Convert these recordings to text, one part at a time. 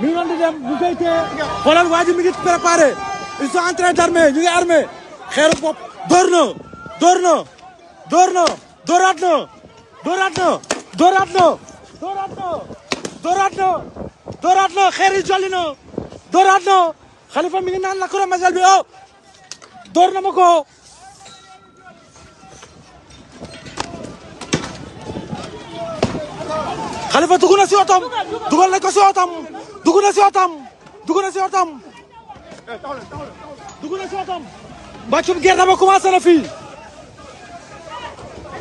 mi ngi doon di dem bu koy téye xoolal waa ji mi ngi préparé ils sont en train d'armer ñu ngi armé xeeru bopp door na door na door na dooraat na xalifa mi ngi naan la bi oh door Khalifa dugg na si otom dugal na ko si otom dugg na si otom dugg na si otom dugg na si otom mbàccum gerte ba commencé na fii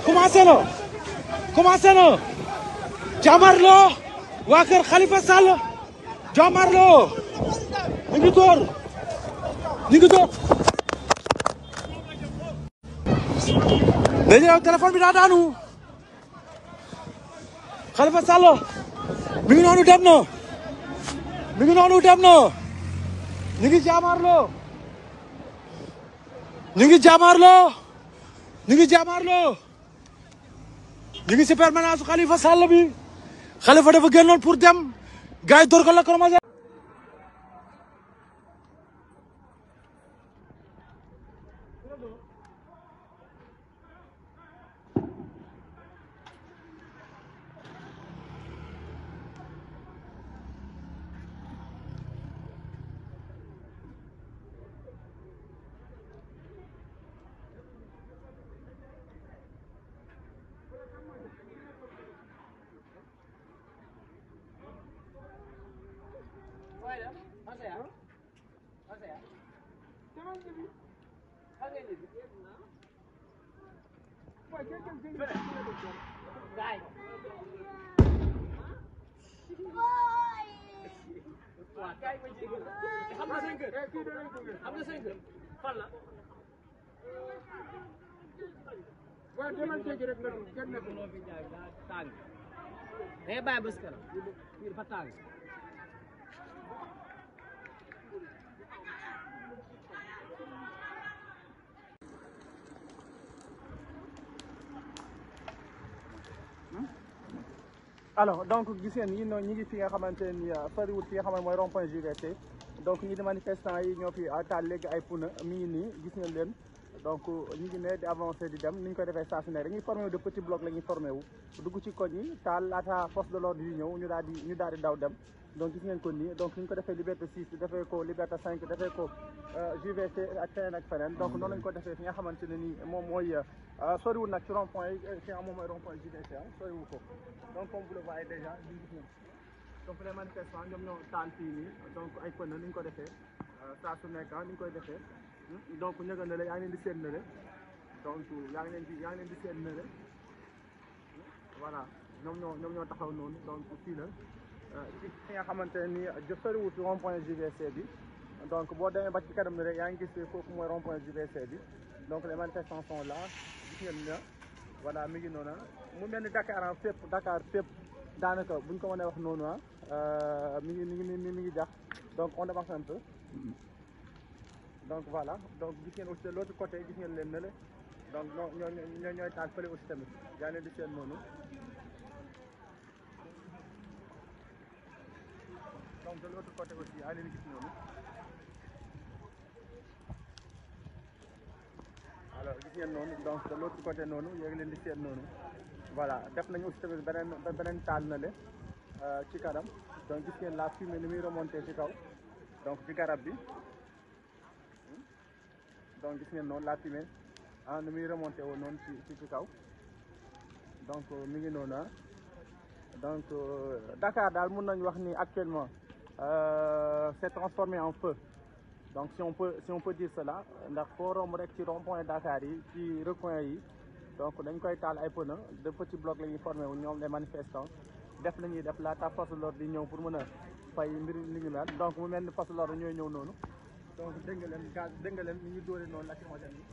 commencé na commencé na jàmmarloo waa kër Khalifa Sall jàmmarloo ñu ngi door ñu ngi door dañuy téléphone bi daa daanu Khalifa Sall mi ngi noonu dem na mi ngi noonu dem na ñu ngi jaamaarloo ñu ngi jaamaarloo ñu ngi jaamaarloo ñu ngi si permanence Khalifa Sall bi Khalifa dafa génnoon pour dem gars yi door ko la Masaya? Devam gibi. Hangi gibi? Bak gel gel gel. Böyle. Gay. Boy. Gay mı çıkıyor? Hamza Sengir. Hamza Sengir. Falla. waaw demal jéggi rek nga doon kenn nekkul. mais bàyyi bés kanam. ngir fa tàng. alors donc gis ngeen ñi ñoo ngi fi nga xamante ni fariwul ah, fi nga xamante mooy rond point JVC donc ñi di manifestant yi ñoo fi ah, taal léegi ay puna mi ngi nii gis ngeen leen donc ñu ngi ne di avancé di dem ni ñu koy defee saa su ne dañuy formé wu de petit bloc la ñuy dugg ci koñ yi taal laata force de l'ordre yi ñëw ñu daal di ñu daal di daw dem donc gis ngeen ko nii donc ni ñu ko defee liberté 6 defee ko liberté 5 defee ko euh, JVC ak feneen ak feneen donc noonu lañ ko defee fi nga xamante ne nii moom mooy euh, soriwul nag ci rond point yi ci euh, moom mooy rond point JVC ah soriwul ko donc comme vous le voyez déjà ñu gis ngeen donc les manifestants ñoom ñoo taan fii donc ay ni ñu ko defee saa su nekk ah, ni ñu koy defee hmm? donc ñëga na la yaa ngi leen di seen nële donc yaa ngi leen di yaa ngi leen di seen nële hmm? voilà ñoom ñoo ñoom ñoo taxaw noonu donc fii la gis fi nga xamante ne nii jë soriwul ci rond point JVC bi donc boo demee ba ci kanam ni rek yaa ngi gis foofu mooy rond point JVC bi donc les manifestants sont là gis ngeen na voilà mi ngi noona mu mel ni Dakar ah Dakar fépp daanaka bu ñu ko mënee wax noonu ah euh, mi ngi mi ngi mi ngi jax donc on avance un peu donc voilà donc gis ngeen aussi de l'autre côté gis ngeen leen ne le donc ñoo ñoo ñooy taal fële aussi tamit yaa leen di seen noonu donc l'autre côté aussi ay leen gis noonu alors gis ngeen donc de l'autre côté noonu yéegi leen di seen noonu voilà def nañu aussi tamit beneen beneen taal na le euh, ci kanam donc gis la fumée ni muy remonté ci kaw donc ci garab bi hmm. donc gis ngeen noonu la fumée ah ni muy remonté woon noonu ci ci kaw donc euh, mi ngi noonu ah donc euh, Dakar daal mun nañu wax ni actuellement euh, s'est transformé en feu donc si on peut si on peut dire cela ndax foo romb rek ci rond point Dakar yi ci recoin yi donc dañ koy taal ay pneus de petits blocs la ñuy formé wu ñoom les manifestants def la ñuy def laata force de l'ordre di ñëw pour mën a fay mbir li ñu mel donc mu mel ni force ñooy ñëw noonu donc dégg leen gaz dégg nga leen ñu dóore noonu lacrymogène yi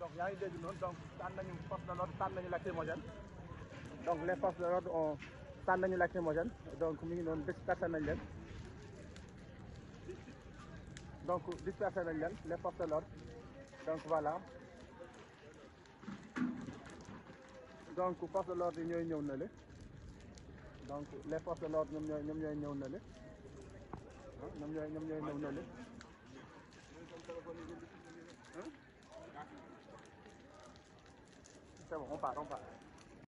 donc yaa ngi dégg noonu donc tànn nañu force de l'ordre nañu nañu lacrymogène donc les forces de l'ordre tànn nañu lacrymogène donc mi ngi noonu dispersé nañ leen donc dispersé nañ leen les forces de l'ordre donc voilà donc force de l'ordre yi ñooy ñëw na le donc les forces de l'ordre ñoom ñooy ñoom ñooy ñëw na le ah, ñoom ñooy ñoom ñooy bon on part on part